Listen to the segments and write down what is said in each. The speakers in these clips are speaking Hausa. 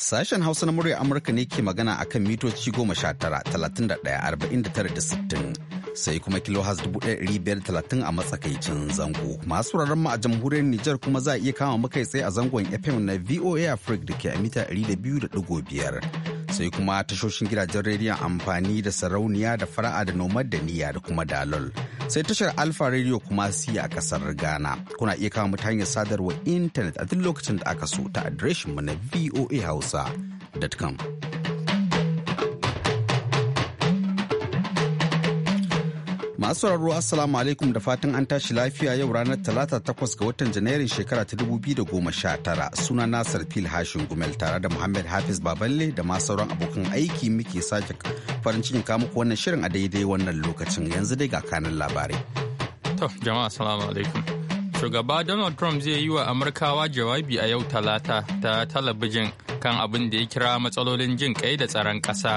Sashen Hausa na muryar Amurka ne ke magana a kan mitoci goma sha tara, talatin da ɗaya, da tara da sittin. Sai kuma kilohaz dubu ɗaya ɗari biyar talatin a matsakaicin zango. Masu wuraren mu a jamhuriyar Nijar kuma za a iya kama makai tsaye a zangon FM na VOA Africa da ke a mita ɗari da biyu da ɗigo biyar. sai kuma tashoshin gidajen rediyon amfani da sarauniya da fara'a da nomad da niyya da kuma dalol sai tashar alfa rediyo kuma si a kasar ghana kuna iya kama ta hanyar sadarwa intanet a duk lokacin da aka so ta adireshin mu na voa hausa.com Masu sauraro Assalamu alaikum da fatan an tashi lafiya yau ranar talata takwas ga watan Janairun shekara ta dubu biyu da goma sha tara suna Nasar Fil Hashin Gumel tare da Muhammad Hafiz Baballe da ma sauran abokan aiki muke sake farin cikin kamu wannan shirin a daidai wannan lokacin yanzu dai ga kanan labarai. To jama'a assalamu alaikum. Shugaba Donald Trump zai yi wa Amurkawa jawabi a yau talata ta talabijin kan abin da ya kira matsalolin jin kai da tsaron ƙasa.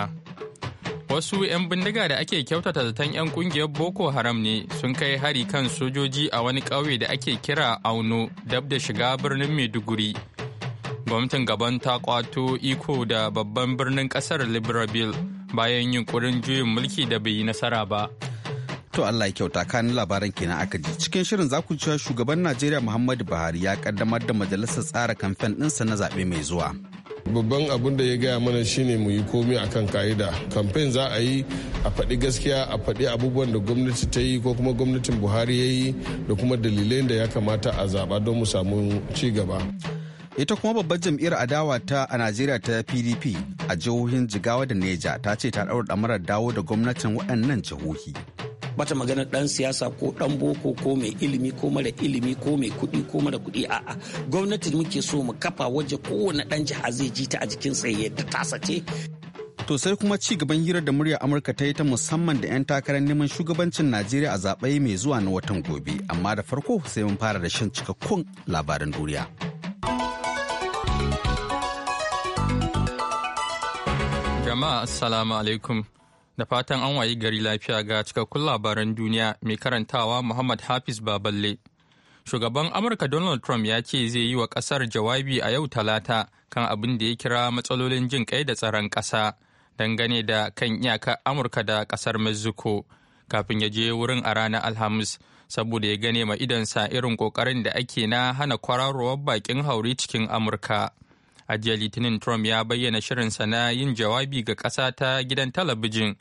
wasu 'yan bindiga da ake kyautata zaton 'yan kungiyar boko haram ne sun kai hari kan sojoji a wani ƙauye da ake kira auno dab da shiga birnin maiduguri gwamnatin gaban ta kwato iko da babban birnin ƙasar libreville bayan yunkurin juyin mulki da bai yi nasara ba To Allah ya kyauta kan labaran kenan aka ji. Cikin shirin za ku shugaban Najeriya Muhammadu Buhari ya kaddamar da majalisar tsara kamfen ɗinsa na zaɓe mai zuwa. babban abin da ya gaya mana shine mu yi komi akan ka'ida kamfen za a yi a faɗi gaskiya a faɗi abubuwan da gwamnati ta yi ko kuma gwamnatin buhari ya yi da kuma dalilai da ya kamata a zaɓa don mu samu ci gaba ita kuma babbar jam'iyyar adawa ta a najeriya ta pdp a jihohin jigawa da neja ta ce ta ɗaura ɗamarar dawo da gwamnatin waɗannan jihohi bata maganar dan siyasa ko dan boko ko mai ilimi ko mara ilimi ko mai kuɗi ko mara kuɗi a'a gwamnati muke so mu kafa waje kowane dan jiha zai ji ta a jikin tsaye ta tasa ce To sai kuma ci gaban hirar da murya Amurka ta yi ta musamman da 'yan takarar neman shugabancin Najeriya a zaɓe mai zuwa na watan gobe. Amma da farko sai mun fara da shan cikakkun labaran duniya. Jama'a Assalamu alaikum. Da fatan an wayi gari lafiya ga cikakkun labaran duniya mai karantawa Muhammad Hafiz Baballe. Shugaban Amurka Donald Trump ya ce zai yi wa ƙasar jawabi a yau talata kan abin da ya kira matsalolin jin kai da tsaron ƙasa dangane da kan iyaka Amurka da ƙasar Mexico kafin ya je wurin a ranar Alhamis saboda ya gane ma idansa irin kokarin da ake na hana kwararowar bakin hauri cikin Amurka. a jiya litinin trump ya bayyana shirinsa na yin jawabi ga ƙasa ta gidan talabijin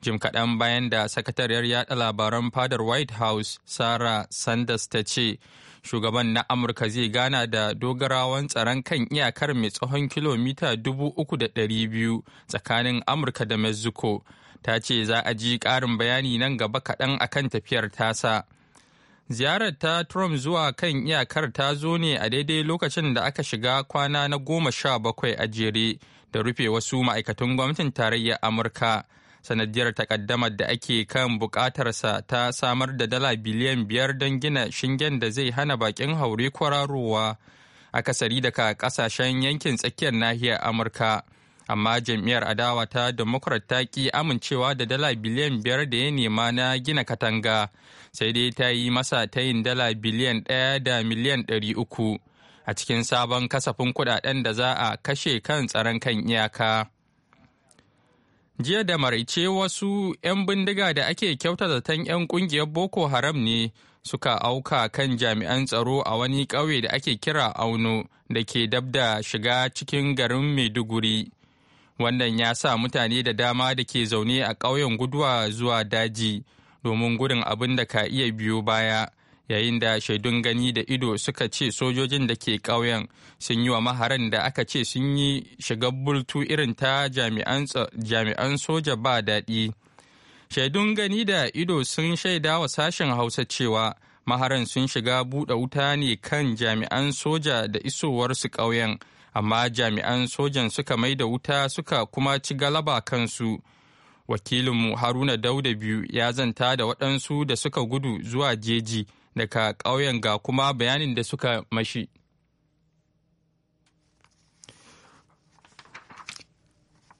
jim kaɗan bayan da sakatariyar yaɗa labaran fadar white house sarah sanders ta ce shugaban na amurka zai gana da dogarawan tsaron kan iyakar mai tsawon kilomita 3,200 tsakanin amurka da mexico ta ce za a ji ƙarin bayani nan gaba kaɗan akan tafiyar tasa Ziyarar ta Trump zuwa kan iyakar ta zo ne a daidai lokacin da aka shiga kwana na goma sha bakwai a jere da rufe wasu ma'aikatan gwamnatin tarayyar Amurka. Sanadiyar takaddamar da ake kan bukatarsa ta samar da dala biliyan biyar don gina shingen da zai hana bakin haure kwararowa akasari daga kasashen yankin tsakiyar nahiyar Amurka. amma jam'iyyar adawa ta democrat ta ki amincewa da dala biliyan biyar da ya nema na gina katanga sai dai ta yi masa yin dala biliyan ɗaya da miliyan ɗari uku a cikin sabon kasafin kudaden da za a kashe kan tsaron kan iyaka jiya da maraice wasu 'yan bindiga da ake kyauta zaton 'yan kungiyar boko haram ne suka auka kan jami'an tsaro a wani ƙauye da ake kira auno da ke dab da shiga cikin garin maiduguri Wannan ya sa mutane da dama da ke zaune a ƙauyen guduwa zuwa daji domin gudun abin da ka iya biyo baya. Yayin da shaidun gani da ido suka ce sojojin da ke ƙauyen sun yi wa maharan da aka ce sun yi shiga bultu irin ta jami'an soja ba daɗi. Shaidun gani da ido sun shaida wa sashen Hausa cewa maharan sun shiga buɗe wuta ne kan jami'an soja da isowarsu ƙauyen. amma jami'an sojan suka mai da wuta suka kuma ci galaba kansu wakilinmu haruna dauda biyu ya zanta da waɗansu da suka gudu zuwa jeji daga ƙauyen ga kuma bayanin da suka mashi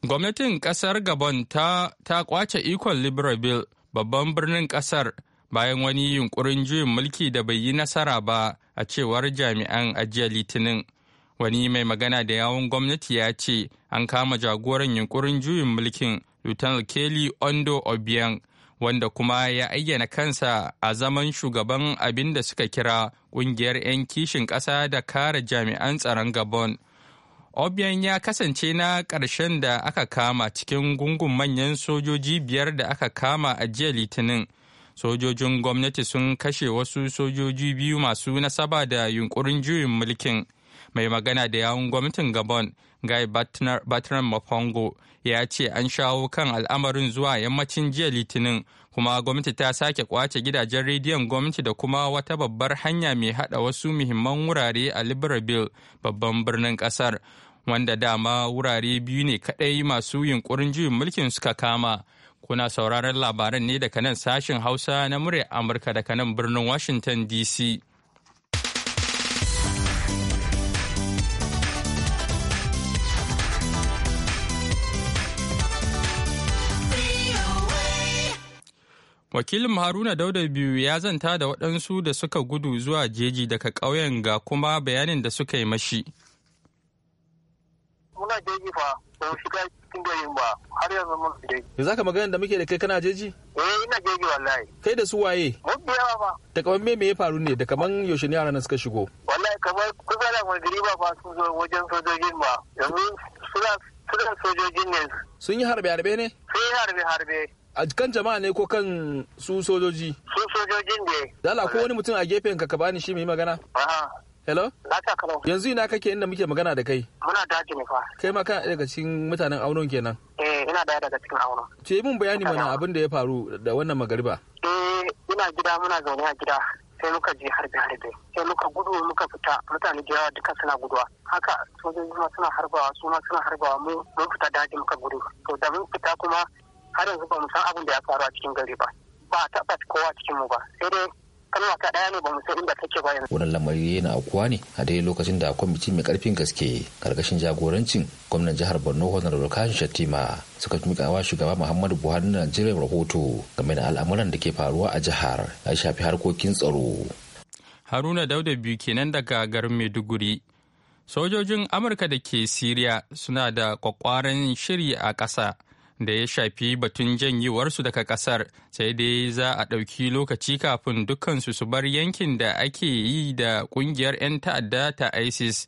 gwamnatin ƙasar gabon ta, ta kwace ikon libreville babban birnin ƙasar bayan wani yunkurin juyin mulki da bai yi nasara ba a cewar jami'an ajiya litinin wani mai magana da yawun gwamnati ya ce an kama jagoran yunkurin juyin mulkin lieutenant kelly ondo obiang wanda kuma ya ayyana kansa a zaman shugaban abin da suka kira kungiyar 'yan kishin ƙasa da kare jami'an tsaron gabon obiang ya kasance na ƙarshen da aka kama cikin gungun manyan sojoji biyar da aka kama a jiya litinin sojojin gwamnati sun kashe wasu sojoji biyu masu nasaba da yunkurin juyin mulkin mai magana da yawun gwamnatin gabon guy batran mafongo ya ce an shawo kan al'amarin zuwa yammacin jiya litinin kuma gwamnati ta sake kwace gidajen rediyon gwamnati da kuma wata babbar hanya mai hada wasu muhimman wurare a libreville babban birnin kasar wanda dama wurare biyu ne kadai masu yunkurin juyin mulkin suka kama kuna sauraron labaran ne daga nan sashen hausa na murya amurka daga nan birnin washington dc wakilin haruna dauda biyu ya zanta da waɗansu da suka gudu zuwa jeji daga ƙauyen ga kuma bayanin da suka yi mashi muna jeji fa ba shiga cikin garin ba har yanzu mun jeji za ka magana da muke da kai kana jeji eh ina jeji wallahi kai da su waye mun biya ba da kaman me me ya faru ne da kaman yaushe ne yaran suka shigo wallahi kamar kusa da magriba ba sun zo wajen sojojin ba yanzu suna suna sojojin ne sun yi harbe harbe ne sun yi harbe harbe a kan jama'a ne ko kan su sojoji su sojojin ne dala ko wani mutum a gefen ka ka bani shi mai magana hello yanzu ina kake inda muke magana da kai muna daji ne fa kai ma kan daga cikin mutanen aunon kenan eh ina daya daga cikin aunon ce mun bayani mana abin da ya faru da wannan magariba eh ina gida muna zaune a gida sai muka je harbe harbe sai muka gudu muka fita mutane da yawa duka suna guduwa haka sojoji ma suna harbawa su ma suna harbawa mu mun fita daji muka gudu to da mun fita kuma har yanzu ba mu san abin da ya faru a cikin gari ba ba taɓa kowa cikin mu ba sai dai kalma ta ɗaya ne ba mu san inda take ba yanzu. Wannan lamari yana akuwa ne a dai lokacin da kwamiti mai karfin gaske karkashin jagorancin gwamnan jihar Borno Honorable Kashin Shattima suka mika wa shugaba Muhammadu Buhari na Najeriya rahoto game da al'amuran da ke faruwa a jihar ya shafi harkokin tsaro. Haruna Dauda biyu kenan daga garin Maiduguri. Sojojin Amurka da ke Siriya suna da kwakwaran shiri a ƙasa da ya shafi batun janyewarsu daga kasar sai dai za a ɗauki lokaci kafin dukkansu su bar yankin da ake yi da ƙungiyar 'yan ta'adda ta isis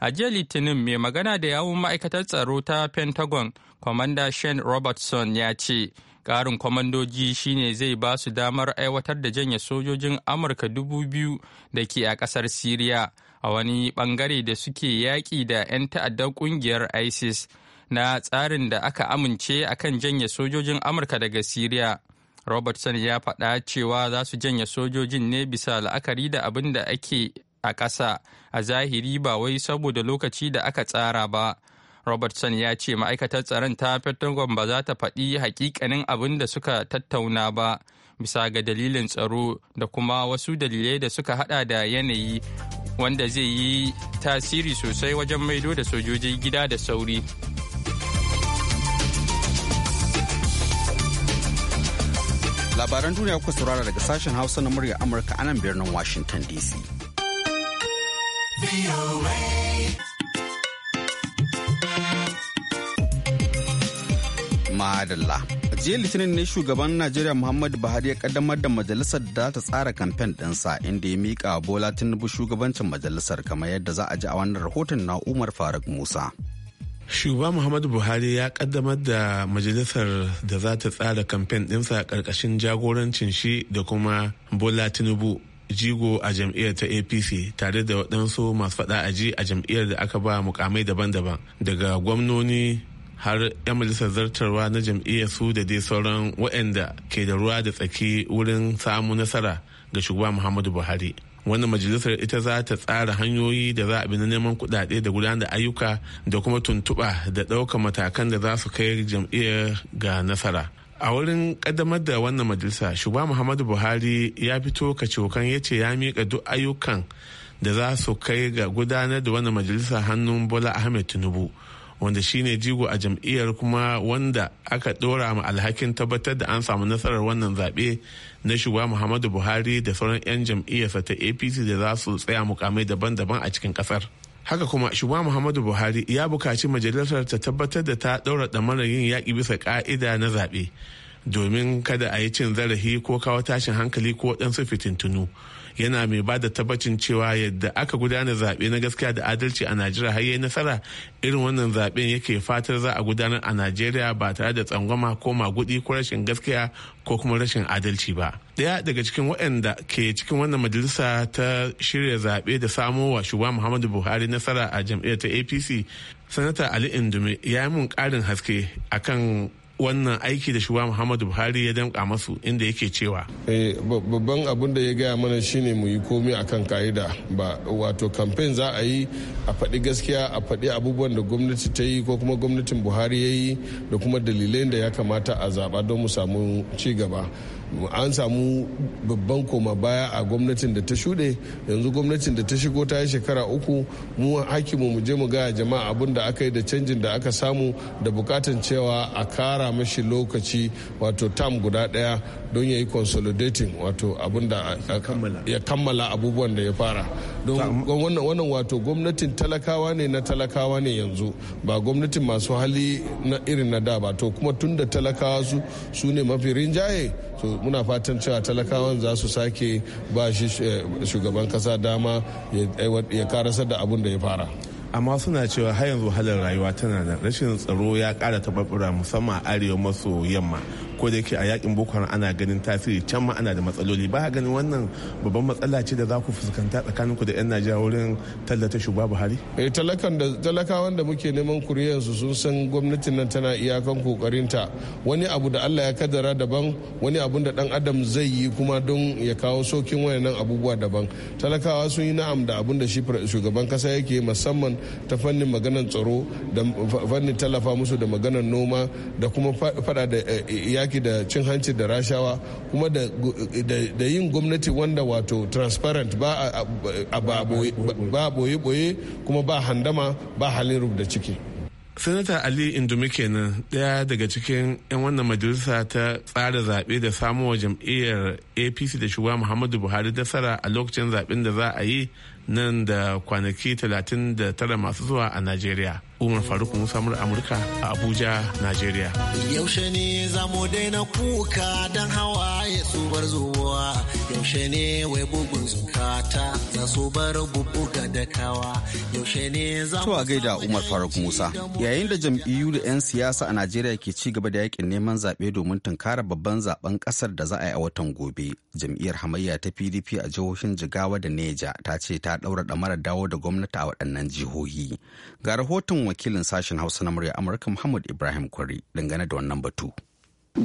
a jiya litinin mai magana da yawun ma'aikatar tsaro ta pentagon kwamanda shane robertson ya ce ƙarin kwamandoji shine zai ba su damar aiwatar da janye sojojin amurka dubu biyu da ke a ƙasar syria a wani bangare da suke yaƙi da 'yan ta'addar ƙungiyar isis na tsarin da aka amince a kan janye sojojin amurka daga siriya robertson ya faɗa cewa za su janye sojojin ne bisa la'akari da abin da ake a ƙasa a zahiri ba wai saboda lokaci da aka tsara ba robertson ya ce ma'aikatar tsaron ta pentagon ba za ta faɗi hakikanin abin da suka tattauna ba bisa ga dalilin tsaro da kuma wasu dalilai da suka hada da yanayi wanda zai yi tasiri sosai wajen maido da sojoji gida da sauri labaran duniya kuka saurara daga sashen hausa na murya amurka anan birnin washington dc madalla jiya litinin ne shugaban najeriya muhammadu buhari ya kaddamar da majalisar da ta tsara kamfen ɗinsa inda ya miƙa bola tinubu shugabancin majalisar kamar yadda za a ji a wannan rahoton na umar faruk musa Shugaba Muhammadu Buhari ya kaddamar da majalisar da za ta tsara kamfen ɗinsa ƙarƙashin jagorancin shi da kuma Bola Tinubu jigo a jam'iyyar ta APC tare da waɗansu masu faɗa aji a jam'iyyar da aka ba mukamai daban-daban daga gwamnoni har 'yan majalisar zartarwa na jam'iyyar su da dai sauran waɗanda ke da ruwa da tsaki wurin samu nasara ga shugaba Muhammadu Buhari. wanda majalisar ita za ta tsara hanyoyi da za a bi na neman kudade da gudanar da ayyuka da kuma tuntuɓa da ɗaukar matakan da za su kai jam'iyyar ga nasara a wurin kaddamar da wannan majalisa shugaba muhammadu buhari ya fito kacokan ya ce ya miƙa duk ayyukan da za su kai ga gudanar da wannan majalisa hannun bola ahmed tinubu wanda shine jigo a jam'iyyar kuma wanda aka dora ma alhakin tabbatar da an samu nasarar wannan zaɓe na shugaba muhammadu buhari da sauran 'yan jam'iyyarsa ta apc da za su tsaya mukamai daban-daban a cikin ƙasar haka kuma shugaba muhammadu buhari ya bukaci majalisar ta tabbatar da ta ɗaura ɗamarar yin yaƙi bisa ƙa'ida na zaɓe domin kada a yi cin zarafi ko kawo tashin hankali ko waɗansu fitintunu yana mai ba da tabbacin cewa yadda aka gudanar zaɓe na gaskiya da adalci a najeriya har yi nasara irin wannan zaɓen yake fatar za a gudanar a najeriya ba tare da tsangwama ko magudi ko rashin gaskiya ko kuma rashin adalci ba daya daga cikin waɗanda ke cikin wannan majalisa ta shirya zaɓe da samo wa shugaba muhammadu buhari nasara a jam'iyyar ta apc sanata ali indume ya yi mun ƙarin haske akan wannan aiki da shugaba muhammadu buhari ya damka masu inda yake cewa eh, babban abin da ya gaya mana shine mu yi komi akan ka'ida ba wato kamfen za a yi a faɗi gaskiya a faɗi abubuwan da gwamnati ta yi ko kuma gwamnatin buhari ya yi da kuma dalilai da ya kamata a zaɓa don mu samu ci gaba an samu babban koma baya a gwamnatin da ta shuɗe yanzu gwamnatin da ta shigo ta yi shekara uku mu hakimu mu je mu gaya jama'a abin da aka yi da canjin da aka samu da bukatan cewa a kara mashi lokaci wato tam guda ɗaya don ya yi consolidating wato abin da ya kammala abubuwan da ya fara don wannan wato gwamnatin talakawa ne na talakawa ne yanzu ba gwamnatin masu hali na irin na da ba to kuma tunda da talakawa su ne mafi rinjaye so muna fatan cewa talakawan za su sake ba shi eh, shugaban kasa dama eh, ya karasar da abun da ya fara amma suna cewa har yanzu halar rayuwa tana da rashin tsaro ya kara taɓarɓura musamman a arewa maso yamma ko da yake a yakin boko haram ana ganin tasiri can ma ana da matsaloli ba ganin wannan babban matsala ce da za ku fuskanta tsakanin ku da yan najeriya wurin tallata shugaba buhari eh da talakawan da muke neman kuriyarsu sun san gwamnatin nan tana iyakan kokarin ta wani abu da allah ya kaddara daban wani abu da dan adam zai yi kuma don ya kawo sokin wayannan abubuwa daban talakawa sun yi na'am da abun da shugaban kasa yake musamman ta fannin maganar tsaro da fannin tallafa musu da maganar noma da kuma fada da eh, eh, yaki da cin hanci da rashawa kuma da yin gwamnati wanda wato transparent ba boye-boye kuma ba handama ba halin rubda ciki sanata ali indumi kenan daya daga cikin 'yan wannan majalisa ta tsara zaɓe da samuwa jam'iyyar apc da shugaba muhammadu buhari dasara a lokacin zaɓen da za a yi nan da kwanaki 39 masu zuwa a najeriya Umar Faruk Musa Amurka a Abuja, Najeriya. Yaushe ne za mu daina kuka don hawaye su bar zuwa, yaushe ne wai bugun zukata za su bar bubuga da kawa, yaushe ne za mu... a gaida Umar Faruk Musa, yayin da jam'iyyu da 'yan siyasa a Najeriya ke ci gaba da yakin neman zaɓe domin tunkara babban zaɓen ƙasar da za a yi a watan gobe. Jam'iyyar hamayya ta PDP a jihohin Jigawa da Neja ta ce ta ɗaura ɗamarar dawo da gwamnati a waɗannan jihohi. Ga rahoton wakilin sashen hausa na murya amurka muhammad ibrahim kwari dangane da wannan batu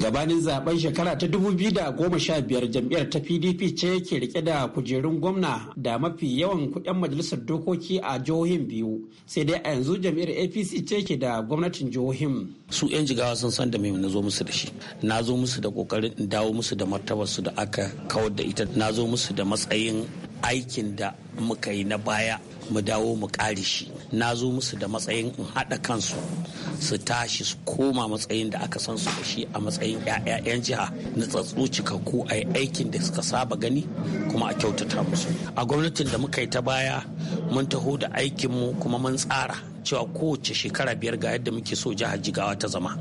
gabanin zaben shekara ta biyu da goma sha biyar jam'iyyar ta pdp ce ke rike da kujerun gwamna da mafi yawan kuɗin majalisar dokoki a jihohin biyu sai dai a yanzu jam'iyyar apc ce ke da gwamnatin jihohin su 'yan jigawa sun san da mai na zo musu da shi na zo musu da kokarin in dawo musu da su da aka kawar da ita na zo musu da matsayin aikin da muka yi na baya mu dawo mu ƙare shi na zo musu da matsayin in haɗa kansu su tashi su koma matsayin da aka san su da shi a matsayin 'ya'yan jiha na tsatsu cikakku a aikin da suka saba gani kuma a kyautata musu a gwamnatin da muka yi ta baya mun taho da aikinmu kuma mun tsara cewa kowace shekara biyar ga yadda muke so jihar jigawa ta zama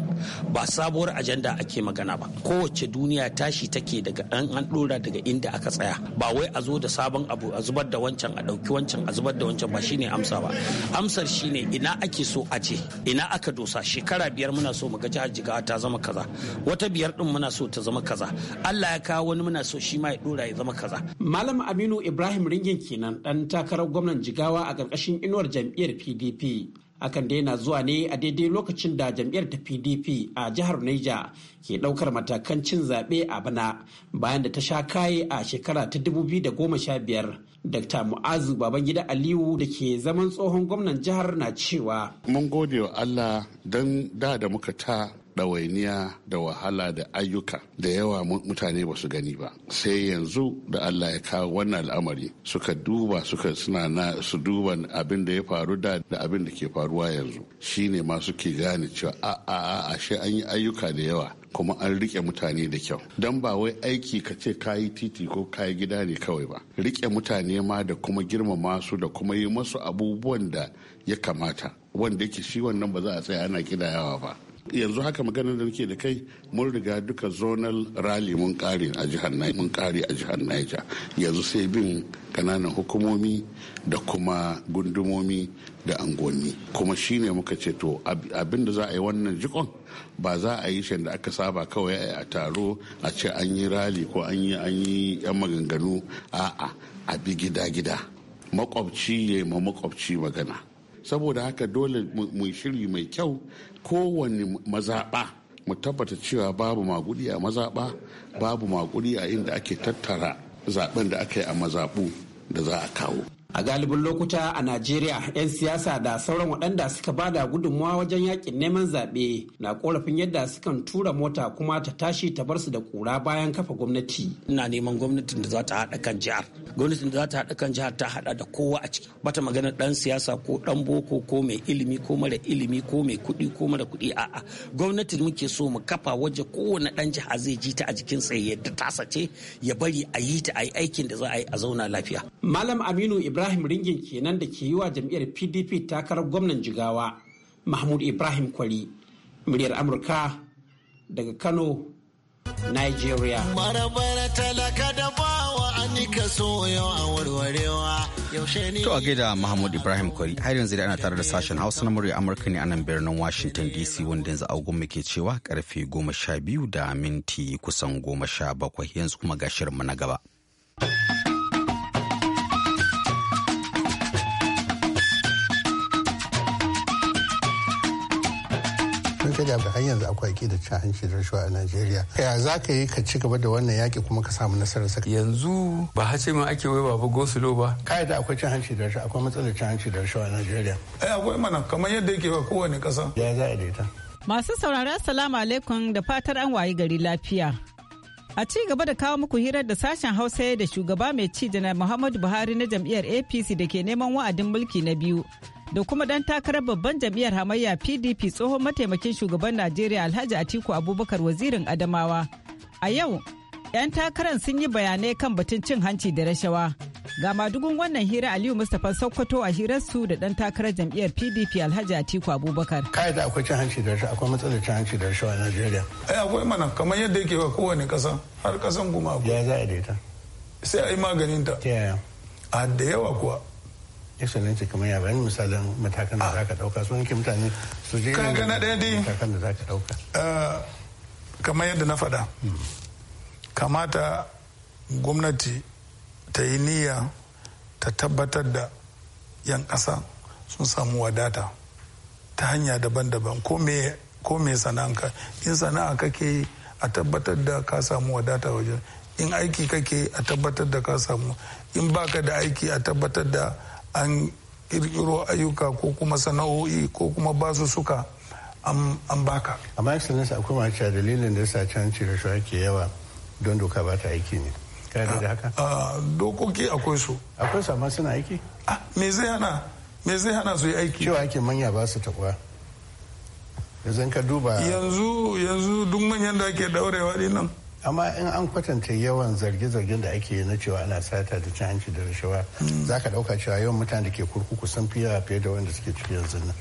ba sabuwar ajanda ake magana ba kowace duniya tashi take daga dan an dora daga inda aka tsaya ba wai a zo da sabon abu a zubar da wancan a dauki wancan a zubar da wancan ba shine amsa ba amsar shine ina ake so a ce ina aka dosa shekara biyar muna so mu ga jihar jigawa ta zama kaza wata biyar din muna so ta zama kaza Allah ya kawo wani muna so shi ma ya dora ya zama kaza malam Aminu Ibrahim Ringin kenan dan takarar gwamnan Jigawa a ƙarƙashin inuwar jam'iyyar PDP akan daina zuwa ne a daidai lokacin da jam'iyyar ta pdp a jihar niger ke daukar matakan cin zaɓe a bana bayan da ta sha kaye a shekara ta 2015 Dr. Mu'azu Babangida Aliyu da ke zaman tsohon gwamnan jihar na cewa. Mun gode wa Allah don da da muka ta ɗawainiya da wahala da ayyuka da yawa mutane ba su gani ba sai yanzu da allah ya kawo wannan al'amari suka duba suka suna na su duba abin da ya faru da da abin da ke faruwa yanzu shine ma suke gane cewa a a a ashe an yi ayyuka da yawa kuma an rike mutane da kyau don ba wai aiki ka ce kayi titi ko kayi gida ne kawai ba rike mutane ma da kuma girmama su da kuma yi masu abubuwan da ya kamata wanda yake shi wannan ba za a tsaya ana kidayawa ba yanzu haka magana da nake da kai mun riga duka zonal rally mun kare a jihar mun kare a jihar Niger yanzu sai bin kananan hukumomi da kuma gundumomi da angoni kuma shine muka ce to abin da za a yi wannan jikon ba za a yi shan da aka saba kawai a taro a ce an yi rali ko an yi an yi yan maganganu a'a a bi gida gida makwabci ya ma makwabci magana saboda haka dole mu shiri mai kyau kowane mazaɓa mu tabbata cewa babu maguɗi a mazaɓa babu maguɗi a inda ake tattara zaɓen da aka yi a mazaɓu da za a kawo a galibin lokuta a najeriya 'yan siyasa da sauran waɗanda suka ba da gudunmawa wajen yakin neman zaɓe na korafin yadda sukan tura mota kuma ta tashi ta bar su da kura bayan kafa gwamnati ina neman gwamnatin da za ta haɗa kan jihar gwamnatin da za ta haɗa kan jihar ta haɗa da kowa a ciki bata magana ɗan siyasa ko ɗan boko ko mai ilimi ko mara ilimi ko mai kuɗi ko mara kuɗi a'a gwamnatin muke so mu kafa waje kowane ɗan jiha zai ji ta a jikin tsaye yadda tasa ce ya bari a yi ta a yi aikin da za a yi a zauna lafiya malam aminu ibrahim ibrahim ringin kenan da ke yi wa jam'iyyar pdp takarar gwamnan jigawa mahmud ibrahim kwari muryar amurka daga kano nigeria To a gaida Mahmud Ibrahim Kwari har yanzu da ana tare da sashen Hausa na murya Amurka ne a nan birnin Washington DC wanda yanzu agun muke cewa karfe goma sha biyu da minti kusan goma sha bakwai yanzu kuma ga mu na gaba. najeriya da har yanzu akwai yaƙi da cin hanci da rashawa a najeriya ya za ka yi ka ci gaba da wannan yaƙi kuma ka samu nasarar sa yanzu ba hace min ake wai baba gosulo ba kai da akwai cin hanci da rashawa akwai matsalar cin hanci da rashawa a najeriya ai eh, akwai mana kamar yadda yake ba kowane ƙasa ya za a daita masu sauraron salamu alaikum da fatar an wayi gari lafiya A ci gaba da kawo muku hirar da sashen Hausa da shugaba mai ci janar Muhammadu Buhari na jam'iyyar APC da ke neman wa'adin mulki na biyu. da kuma dan takarar babban jam'iyyar hamayya pdp tsohon mataimakin shugaban najeriya alhaji atiku abubakar wazirin adamawa a yau 'yan takarar sun yi bayanai kan batun cin hanci da rashawa ga madugun wannan hira aliyu mustapha sokoto a hirarsu da dan takarar jam'iyyar pdp alhaji atiku abubakar kai da akwai cin hanci da rashawa akwai matsalar cin hanci da rashawa a najeriya ai eh, akwai mana kamar yadda yake wa kowane kasa har kasan kuma akwai ya za a daita sai a yi maganin ta a da yawa kuwa excellency kamar ya bayan misalin matakan da ah. zaka dauka sun ke mutane su je kaga na ɗaya dai matakan da zaka dauka eh, kamar yadda na faɗa hmm. kamata gwamnati ta yi niyya ta tabbatar da 'yan ƙasa sun samu wadata ta hanya daban-daban ko me sana'anka in sana'a kake a tabbatar da ka samu wadata wajen in aiki kake a tabbatar da ka samu in baka da aiki a tabbatar da an kirkiro ayyuka ko kuma sana'o'i ko kuma basu suka an baka amma excellence akwai cewa dalilin da sa can cire shi ake yawa don doka ba ta aiki ne kada da haka dokoki akwai su akwai su amma suna aiki me zai hana me zai hana su yi aiki cewa ake manya ba su takwa yanzu ka duba yanzu yanzu duk manyan da ake daurewa dinnan amma in an kwatanta yawan zarge-zargen da ake na cewa ana sata da cin hanci da rashawa hmm. za ka ɗauka cewa yawan mutane da ke kurkuku sun fiye fiye da wanda suke ciki yanzu nan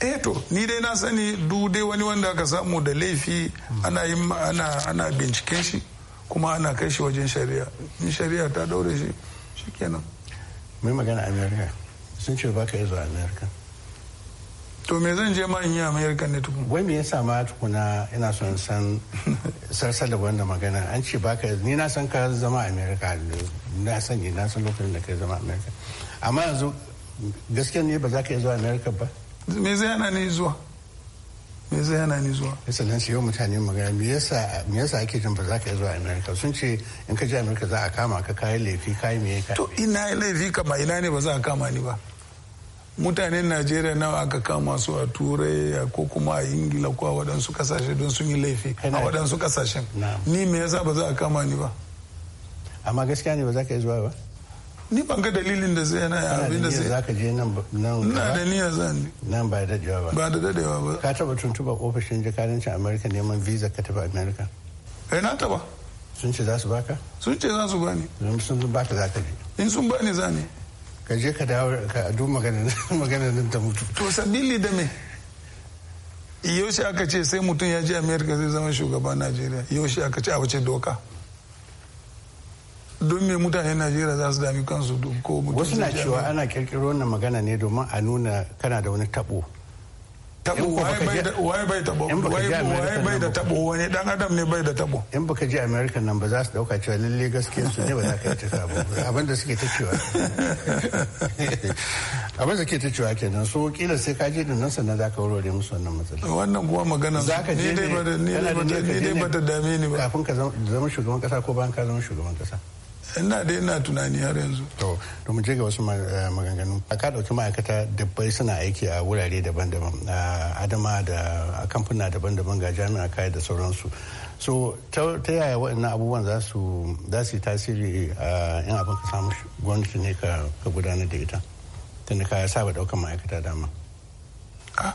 eh to ni dai na sani du dai wani wanda aka samu da laifi ana yin ana ana binciken shi kuma ana kai shi wajen shari'a in shari'a ta daure shi shikenan mai magana america sun ce ba ka yi zuwa america to me zan je ma in yi america ne tukun wai me yasa ma tukuna ina son san sarsar da wanda magana an ce baka ni na san ka zama america na san sani na san lokacin da ka zama america amma yanzu gaskiya ne ba za ka yi zuwa america ba me zai yana ne zuwa me zai yana ne zuwa sanan shi yau mutane magana me yasa me yasa ake jin ba za ka zuwa america sun ce in ka je america za a kama ka kayi laifi kayi me to ina laifi kama ina ne ba za a kama ni ba mutanen najeriya nawa aka kama su a turai ko kuma a ingila ko a waɗansu kasashe don sun yi laifi a waɗansu kasashen ni me yasa ba za a kama ni ba amma gaskiya ne ba za ka yi zuwa ba ni ban ga dalilin da zai na abin da zai zaka je nan nan da niyya zan nan ba da dadewa ba ba da dadewa ba ka taba tuntuba ofishin jakarancin Amurka neman visa ka tafi Amurka. kai eh, na taba sun ce za su baka sun ce za su bani sun sun baka za ka je in sun bani za ne ka je ka dawo ka magana nan ta mutu to sabili da me yaushe aka ce sai mutum ya je america zai zama shugaban najeriya yaushe aka ce a wace doka don me mutane najeriya za su dami kansu ko mutum wasu na cewa ana kirkiro wannan magana ne domin a nuna kana da wani tabo tabo waye bai tabo waye bai da tabo wani dan adam ne bai da tabo in baka je america nan ba za su dauka cewa lalle gaskiya su ne ba za ka yi ta tabo abin da suke ta cewa abin da ke ta cewa kenan so kila sai ka je din nan sannan za ka warware musu wannan matsala wannan kuwa magana za ka je ne dai ba da dame ni ba kafin ka zama shugaban kasa ko bayan ka zama shugaban kasa ina da ina tunani har yanzu to domin ga wasu eh, maganganu a ka dauki ma'aikata dabbai suna aiki a wurare daban-daban a adama da a kamfuna daban-daban ga jami'a kai da sauransu so ta yaya waɗannan abubuwan za su yi tasiri a yan abin ka samu gwamnati ne ka gudanar da ita tunda ka saba daukan ma'aikata dama ah,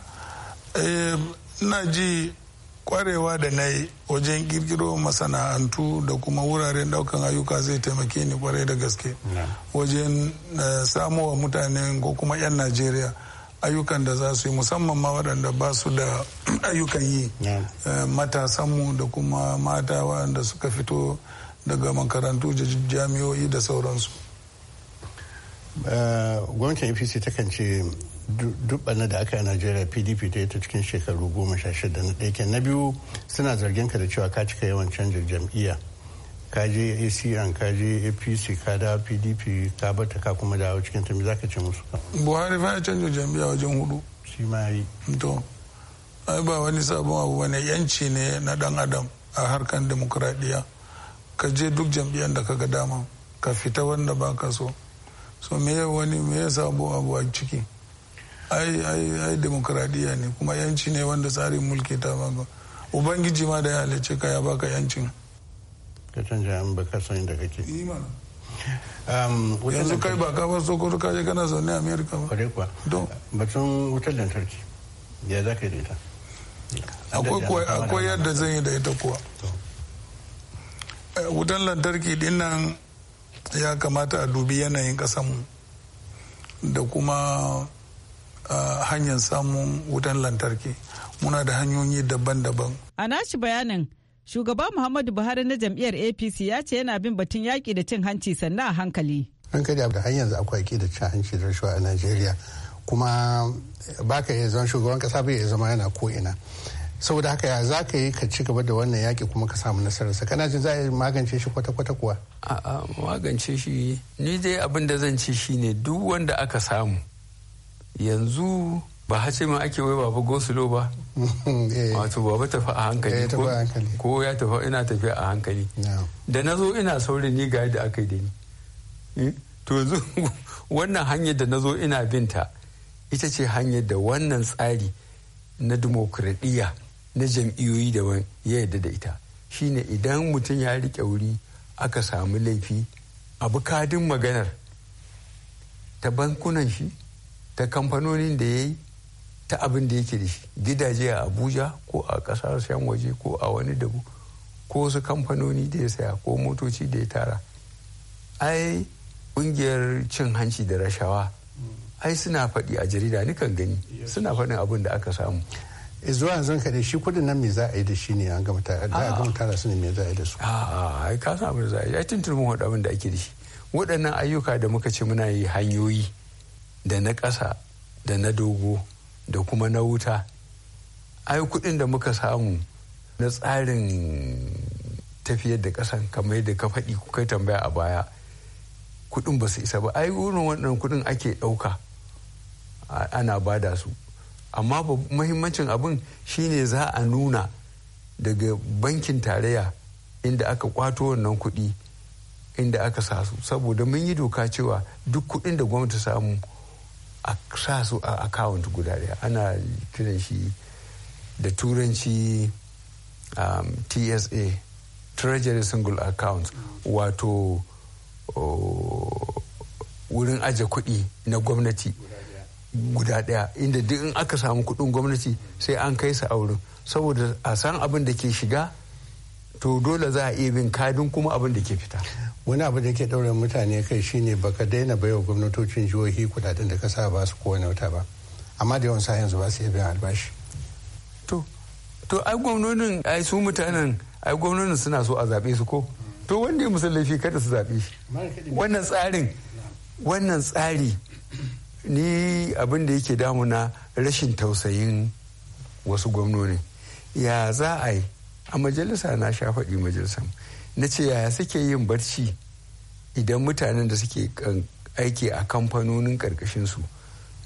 eh, ina ji kwarewa da na yi wajen kirkiro masana'antu da kuma wuraren daukan ayyuka zai taimake ni kwarai da gaske wajen eh, samowa mutane ko kuma 'yan najeriya ayyukan da za su yi musamman ma waɗanda ba su da ayyukan yi eh, matasanmu da kuma mata waɗanda suka fito daga makarantu da jami'o'i da sauransu eh, gwamnatin apc takan ce duk da aka yi a najeriya pdp ta yi ta cikin shekaru goma sha shida na ɗaya na biyu suna zargin ka da cewa ka cika yawan canjin jam'iyya ka je acn ka je apc ka da pdp ka bata ka kuma dawo cikin ta za ka ce musu ka. buhari fa ya canja jam'iyya wajen hudu shi ma yi to ai ba wani sabon abu wani yanci ne na dan adam a harkan demokuraɗiyya ka je duk jam'iyyar da ka ga dama ka fita wanda ba ka so so me wani me ya sabo abu a ciki ai ai ai demokradiya ne kuma yanci ne wanda tsarin mulki ta baka ubangiji ma da ya halice ka ya baka yancin ka canja an baka san da kake um, yanzu kai ba ka so ko ka je kana zaune america ba kare kuwa don batun wutar lantarki ya za ka yi da ita akwai yadda zan yi da ita kuwa eh, wutar lantarki dinnan ya kamata a dubi yanayin kasanmu da kuma hanyar samun wutan lantarki muna da hanyoyi daban-daban a nashi bayanin shugaba muhammadu buhari na jam'iyyar apc ya ce yana bin batun yaƙi da cin hanci sannan a hankali hankali da har yanzu akwai yaƙi da cin hanci da rashawa a najeriya kuma baka iya zama shugaban kasa bai iya zama yana ko ina saboda haka ya za ka yi ka ci gaba da wannan yaƙi kuma ka samu nasararsa kana jin za a magance shi kwata-kwata kuwa a'a magance shi ni dai abin da zan ce shine duk wanda aka samu yanzu ba hace ma ake wai baba gosulo ba eh. wato baba tafi a hankali eh, ko ya tafi ina tafiya a hankali da na zo ina saurin ni ga da aka yi da ni hmm? to yanzu wannan hanyar da na zo ina binta ita ce hanyar da wannan tsari na dimokuraɗiyya na jam'iyyoyi daban ya yarda da ita shine idan mutum ya riƙe wuri aka samu laifi abu kadin maganar ta bankunan shi ta kamfanonin da ya yi ta abin da yake da shi gidaje a abuja ko a kasar shan waje ko a wani dabu ko wasu kamfanoni da ya saya ko motoci da ya tara ai kungiyar cin hanci da rashawa ai suna faɗi a jarida kan gani suna faɗin abin da aka samu e zuwa yanzu ka shi kudin nan me za a yi da shi ne an ga mutane da ga tara su ne me za a yi da su a ai ka san abin da za a yi ai tuntun mun abin da ake da shi waɗannan ayyuka da muka ce muna yi hanyoyi da na ƙasa da na dogo da kuma na wuta ai kuɗin da muka samu na tsarin tafiyar da ƙasan kamar yadda ka faɗi kuka tambaya a baya kuɗin ba su isa ba ai wurin wannan kuɗin ake ɗauka ana bada su amma mahimmancin abin shine za a nuna daga bankin tarayya inda aka kwato wannan kuɗi inda aka sa su saboda mun yi doka cewa duk kuɗin da gwamnati samu a sa su a account guda daya ana kiran shi da turanci um, tsa treasury single account wato wurin aje kuɗi na gwamnati guda ɗaya inda duk in aka samu kuɗin gwamnati sai an kai su a wurin saboda a san abin da ke shiga to dole za a iya bin kadin kuma abin da ke fita wani abu da ke ɗaure mutane kai shine baka daina baiwa gwamnatocin jihohi kudaden da ka sa ba su kowane wata ba amma da yawan sa yanzu ba su iya biyan albashi to to ai gwamnonin ai su mutanen ai gwamnonin suna so a zaɓe su ko to wanda ya musu kada su zaɓe shi wannan tsarin wannan tsari ni abin da yake damuna rashin tausayin wasu gwamnoni ya za a yi a majalisa na sha faɗi majalisa na ce yaya suke yin barci idan mutanen da suke aiki a kamfanonin karkashin su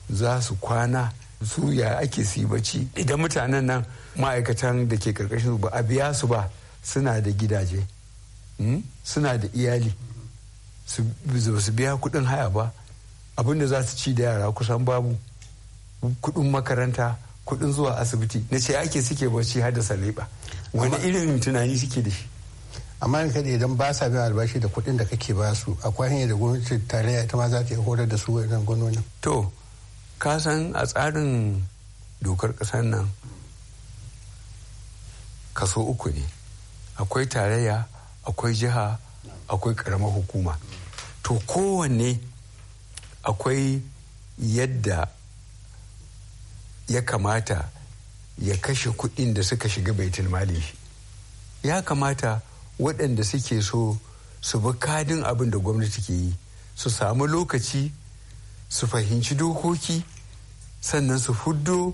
za su kwana su ya ake su yi bacci idan mutanen nan ma'aikatan da ke karkashin su ba a biya su ba suna da gidaje hmm? suna da iyali su biya kuɗin haya ba abin da za su ci da yara kusan babu kuɗin makaranta kuɗin zuwa asibiti na ce ake suke barci har da saliba wani irin tunani suke da shi amma kada idan ba sa biyan albashi da kuɗin da kake ba su akwai hanyar da gwamnati tarayya ita ma za ta horar da su wajen gwamnonin. to ka san a tsarin dokar ƙasar nan kaso uku ne akwai tarayya akwai jiha akwai ƙaramar hukuma to kowanne akwai yadda ya kamata ya kashe kuɗin da suka shiga baitul mali ya kamata waɗanda suke so su bi kadin abin da gwamnati ke yi su samu lokaci su fahimci dokoki sannan su fuddo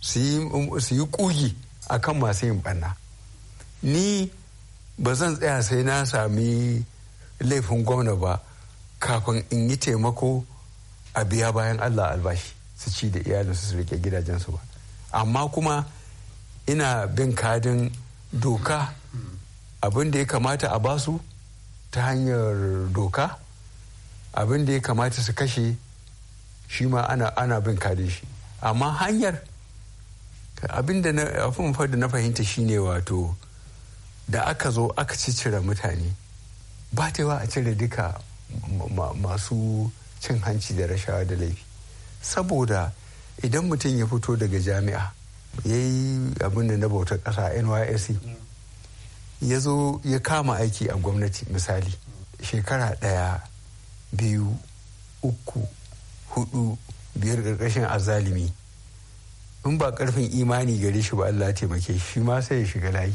su yi ƙugi a kan masu yin ɓanna ni ba zan tsaya sai na sami laifin gwamna ba kafin in yi taimako a biya bayan allah albashi su ci da iyalinsu su rike gidajensu ba amma kuma ina bin kadin doka abin da ya kamata a basu ta hanyar doka abin da ya kamata su kashe shi ma ana, bin kadin shi amma hanyar abin da na da na fahimta shine wato da aka zo aka cicira mutane ba ta a cire duka masu cin hanci da rashawa da laifi saboda idan mutum ya fito daga jami'a ya yi abin da na bautar ƙasa nysc ya zo ya kama aiki a gwamnati misali shekara ɗaya biyu uku hudu biyar ƙarƙashin azalimi in ba ƙarfin imani gare shi ba Allah taimake shi ma sai ya shiga layi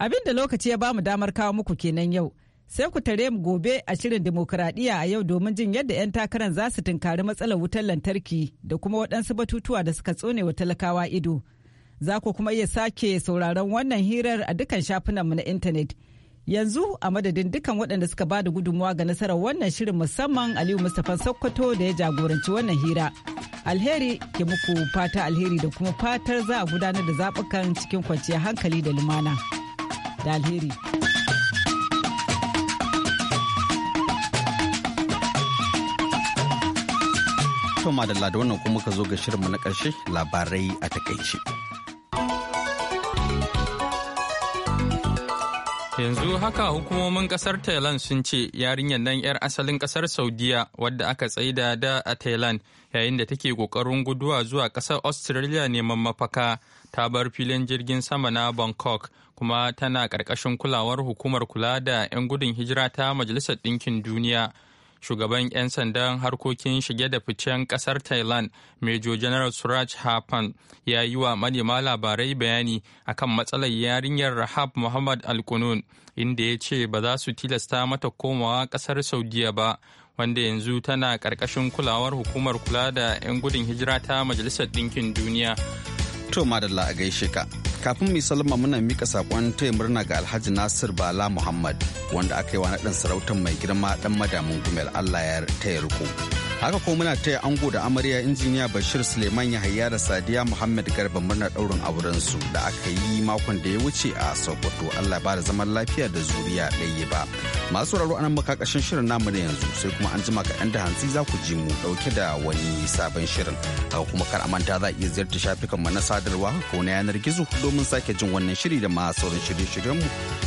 abin da lokaci ya bamu damar kawo muku kenan yau sai ku tare mu gobe a shirin demokuraɗiyya a yau domin jin yadda 'yan takarar za su tunkari matsalar wutar lantarki da kuma waɗansu batutuwa da suka tsone wa talakawa ido. Za ku kuma iya sake sauraron wannan hirar a dukkan shafinanmu na intanet. Yanzu a madadin dukkan waɗanda suka ba da gudunmawa ga nasarar wannan shirin musamman Aliyu Mustapha Sokoto da ya jagoranci wannan hira. Alheri ke muku fata alheri da kuma fatar za a gudanar da zaɓukan cikin kwanciyar hankali da lumana. Da alheri. To madalla da wannan kuma ka zo ga shirinmu na ƙarshe labarai a takaice. Yanzu haka hukumomin ƙasar Thailand sun ce yarinyar nan 'yar asalin ƙasar Saudiya wadda aka tsaida da a Thailand yayin da take ƙoƙarin guduwa zuwa ƙasar Australia neman mafaka ta bar filin jirgin sama na Bangkok kuma tana ƙarƙashin kulawar hukumar kula da 'yan gudun hijira ta Majalisar Ɗinkin Duniya shugaban 'yan sandan harkokin shige da ficen kasar thailand major general suraj hapan ya yi wa manema labarai bayani akan matsalar yarinyar rahab muhammad alkunun inda ya ce ba za su tilasta mata komawa kasar saudiya ba wanda yanzu tana karkashin kulawar hukumar kula da 'yan gudun hijira ta majalisar ɗinkin duniya To madalla a gaishe ka. Kafin mai salama muna mika sakon taya murna ga Alhaji Nasir Bala Muhammad wanda aka yi wa naɗin sarautar mai girma ɗan madamin gumel Allah ya taya haka kuma muna taya ango da amarya injiniya bashir suleiman yahaya da sadiya muhammad garba murnar daurin su da aka yi makon da ya wuce a sokoto allah ba da zaman lafiya da zuriya ɗaya ba masu raro anan makakashin shirin namu na yanzu sai kuma an jima yan da hantsi za ku ji mu ɗauke da wani sabon shirin haka kuma kar a manta za a iya ziyartar shafukan mu na sadarwa ko na yanar gizo domin sake jin wannan shiri da masu sauran shirye mu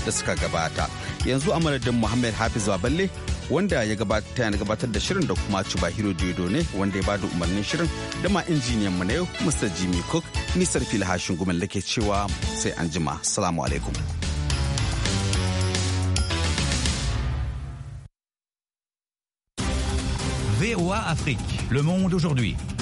da suka gabata yanzu a madadin muhammad hafiz baballe wanda ya gabatar da shirin da kuma cibahi Chibahiro Dodo ne wanda ya bada umarnin shirin da ma injiniyan mu na yau Mr. Jimmy Cook nisar la hashin gumin lake cewa sai an jima. Salamu alaikum. VOA Afrique. Le monde aujourd'hui.